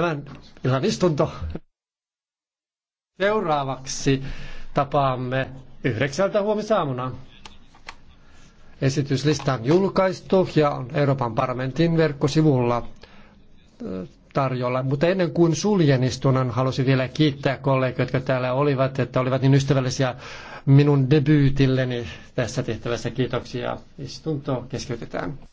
tämän illan istunto. Seuraavaksi tapaamme yhdeksältä huomisaamuna. Esityslista on julkaistu ja on Euroopan parlamentin verkkosivulla äh, tarjolla. Mutta ennen kuin suljen istunnon, halusin vielä kiittää kollegoita, jotka täällä olivat, että olivat niin ystävällisiä minun debyytilleni tässä tehtävässä. Kiitoksia. Istunto keskeytetään.